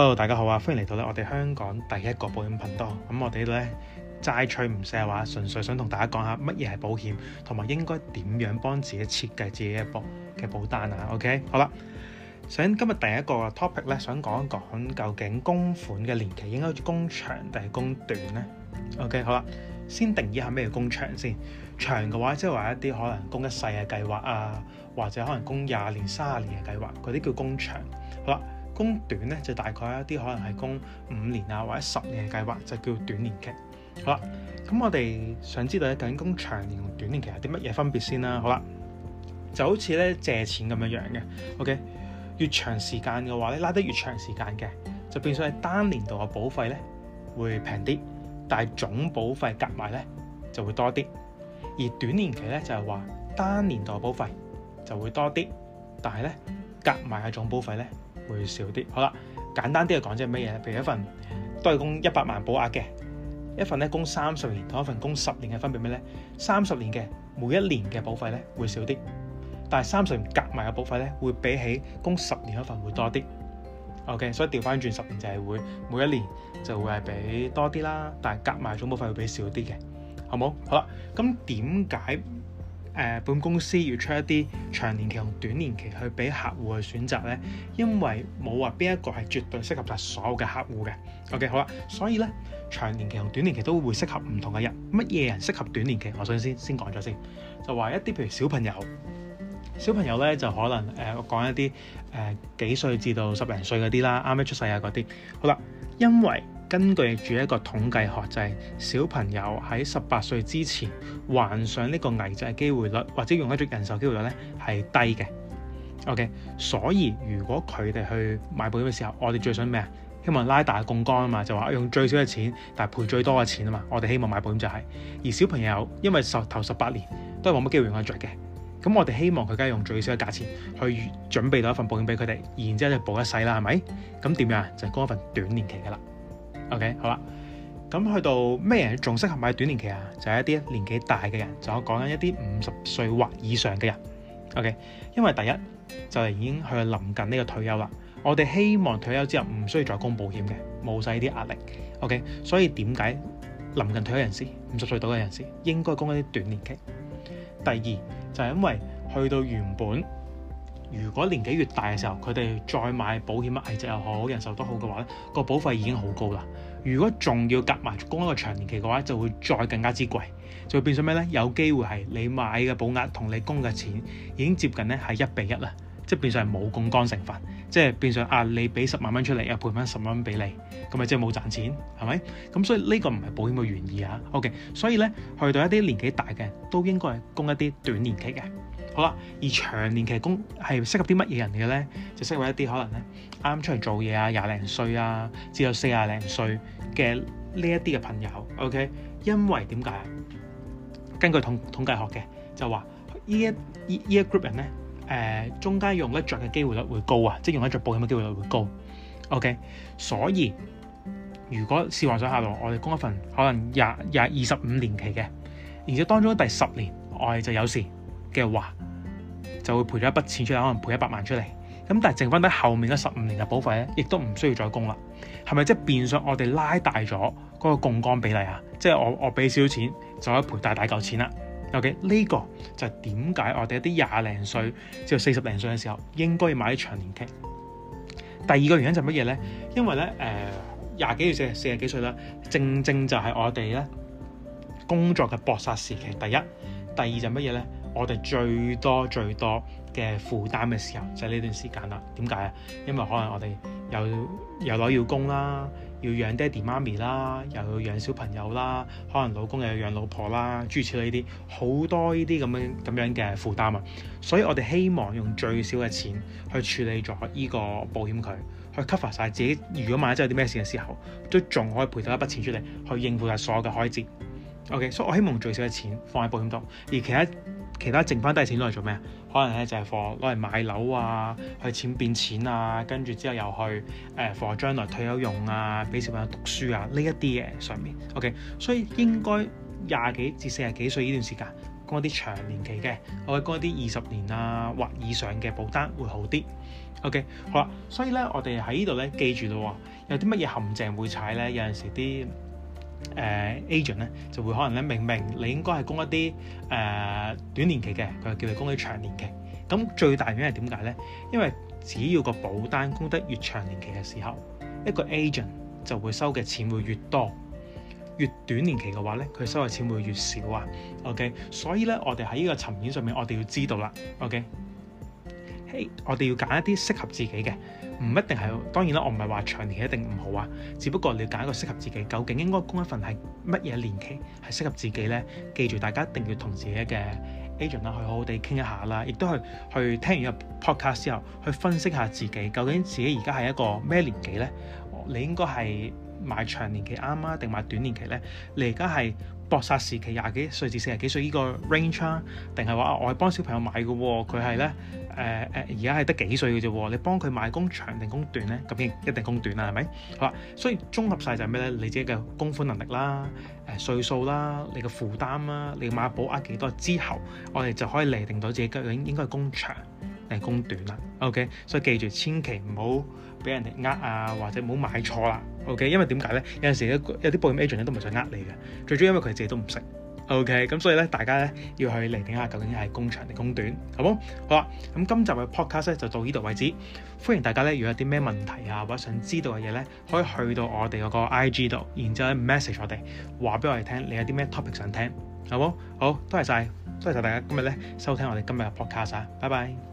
Hello 大家好啊！歡迎嚟到咧，我哋香港第一個保險頻道。咁我哋咧齋趣唔晒嘅話，純粹想同大家講下乜嘢係保險，同埋應該點樣幫自己設計自己嘅保嘅保單啊？OK，好啦，想今日第一個 topic 咧，想講一講究竟供款嘅年期應該供長定係供短呢？OK，好啦，先定義一下咩叫供長先。長嘅話，即係話一啲可能供一世嘅計劃啊，或者可能供廿年、卅年嘅計劃，嗰啲叫供長。好啦。供短咧就大概一啲，可能係供五年啊或者十年嘅計劃，就叫短年期。好啦，咁我哋想知道咧，究竟供長年同短年期有啲乜嘢分別先啦？好啦，就好似咧借錢咁樣樣嘅。OK，越長時間嘅話咧，拉得越長時間嘅就變相係單年度嘅保費咧會平啲，但係總保費夾埋咧就會多啲。而短年期咧就係話單年度嘅保費就會多啲，但係咧夾埋嘅總保費咧，會少啲，好啦，簡單啲嘅講，即係咩嘢咧？譬如一份都係供一百萬保額嘅，一份咧供三十年同一份供十年嘅分別咩咧？三十年嘅每一年嘅保費咧會少啲，但係三十年夾埋嘅保費咧會比起供十年嗰份會多啲。OK，所以調翻轉，十年就係會每一年就會係畀多啲啦，但係夾埋總保費會畀少啲嘅，好冇？好啦，咁點解？誒、呃，本公司要出一啲長年期同短年期去俾客戶去選擇呢，因為冇話邊一個係絕對適合晒所有嘅客戶嘅。OK，好啦，所以呢，長年期同短年期都會適合唔同嘅人，乜嘢人適合短年期？我想先先講咗先，就話一啲譬如小朋友，小朋友呢，就可能誒、呃，我講一啲誒、呃、幾歲至到十零歲嗰啲啦，啱啱出世啊嗰啲。好啦，因為。根據住一個統計學，就係小朋友喺十八歲之前患上呢個危疾嘅機會率，或者用得着人壽機會率咧，係低嘅。OK，所以如果佢哋去買保險嘅時候，我哋最想咩啊？希望拉大槓桿啊嘛，就話用最少嘅錢，但係賠最多嘅錢啊嘛。我哋希望買保險就係而小朋友，因為頭十八年都係冇乜機會用得着嘅。咁我哋希望佢梗係用最少嘅價錢去準備到一份保險俾佢哋，然之後就保一世啦，係咪？咁點樣就係供一份短年期嘅啦。OK，好啦，咁去到咩人仲適合買短年期啊？就係一啲年紀大嘅人，就我講緊一啲五十歲或以上嘅人。OK，因為第一就係已經去臨近呢個退休啦。我哋希望退休之後唔需要再供保險嘅，冇晒呢啲壓力。OK，所以點解臨近退休人士五十歲到嘅人士應該供一啲短年期？第二就係因為去到原本。如果年紀越大嘅時候，佢哋再買保險啊、危疾又好、人壽都好嘅話咧，個保費已經好高啦。如果仲要夾埋供一個長年期嘅話，就會再更加之貴，就會變咗咩咧？有機會係你買嘅保額同你供嘅錢已經接近咧，係一比一啦。即係變相係冇槓桿成分，即係變相啊！你俾十萬蚊出嚟，啊賠翻十萬蚊俾你，咁咪即係冇賺錢，係咪？咁所以呢個唔係保險嘅原意啊。OK，所以咧，去到一啲年紀大嘅，都應該係供一啲短年期嘅。好啦，而長年期供係適合啲乜嘢人嘅咧？就適合一啲可能咧啱出嚟做嘢啊，廿零歲啊，至到四廿零歲嘅呢一啲嘅朋友。OK，因為點解？根據統統計學嘅就話呢一呢一 group 人咧。誒中間用得着嘅機會率會高啊，即係用得着保險嘅機會率會高。OK，所以如果試幻想下路，我哋供一份可能廿廿二十五年期嘅，而且當中第十年我哋就有事嘅話，就會賠咗一筆錢出嚟，可能賠一百萬出嚟。咁但係剩翻啲後面嗰十五年嘅保費咧，亦都唔需要再供啦。係咪即係變相我哋拉大咗嗰個槓桿比例啊？即係我我俾少少錢就可以賠大大嚿錢啦？O.K. 呢個就係點解我哋一啲廿零歲至到四十零歲嘅時候應該要買長年期。第二個原因就係乜嘢咧？因為咧誒廿幾歲、四四廿幾歲啦，正正就係我哋咧工作嘅搏殺時期。第一、第二就係乜嘢咧？我哋最多最多嘅負擔嘅時候就係呢段時間啦。點解啊？因為可能我哋又有樓要供啦，要養爹哋媽咪啦，又要養小朋友啦，可能老公又要養老婆啦，諸如此類呢啲，好多呢啲咁樣咁樣嘅負擔啊。所以我哋希望用最少嘅錢去處理咗呢個保險佢，去 cover 晒自己。如果買咗之後啲咩事嘅時候，都仲可以賠到一筆錢出嚟去應付下所有嘅開支。OK，所以我希望用最少嘅錢放喺保險度，而其他。其他剩翻低錢攞嚟做咩啊？可能咧就係放攞嚟買樓啊，去錢變錢啊，跟住之後又去誒放、呃、將來退休用啊，俾小朋友讀書啊呢一啲嘢上面。OK，所以應該廿幾至四十幾歲呢段時間，攞啲長年期嘅，或者攞啲二十年啊或以上嘅保單會好啲。OK，好啦，所以咧我哋喺呢度咧記住囉，有啲乜嘢陷阱會踩咧，有陣時啲。誒、uh, agent 咧就會可能咧明明你應該係供一啲、uh, 短年期嘅，佢就叫你供啲長年期。咁最大嘅係點解咧？因為只要個保單供得越長年期嘅時候，一個 agent 就會收嘅錢會越多；越短年期嘅話咧，佢收嘅錢會越少啊。OK，所以咧，我哋喺呢個層面上面，我哋要知道啦。OK。Hey, 我哋要揀一啲適合自己嘅，唔一定係當然啦。我唔係話長年一定唔好啊，只不過你揀一個適合自己，究竟應該供一份係乜嘢年期係適合自己呢？記住，大家一定要同自己嘅 agent、啊、去好好地傾一下啦，亦都去去聽完個 podcast 之後去分析下自己究竟自己而家係一個咩年紀呢？你應該係買長年期啱啊，定買短年期呢？你而家係。搏殺時期廿幾歲至四十幾歲呢個 range，定係話我係幫小朋友買嘅喎，佢係咧誒誒，而家係得幾歲嘅啫，你幫佢買供長定供短咧，咁一定供短啦，係咪？好啦，所以綜合晒就係咩咧？你自己嘅供款能力啦，誒歲數啦，你嘅負擔啦，你要買保額幾多之後，我哋就可以釐定到自己嘅應應該係供長。係供短啦，OK，所以記住千祈唔好俾人哋呃啊，或者唔好買錯啦，OK。因為點解咧？有陣時有啲保險 agent 都唔想呃你嘅，最主要因為佢自己都唔識。OK，咁所以咧，大家咧要去釐定下究竟係供長定供短，好冇好啦。咁今集嘅 podcast 呢就到呢度為止。歡迎大家咧，如果有啲咩問題啊，或者想知道嘅嘢咧，可以去到我哋嗰個 IG 度，然之後 message 我哋話俾我哋聽，你有啲咩 topic 想聽，好冇好，多謝晒，多謝晒大家今日咧收聽我哋今日嘅 podcast 啊，拜拜。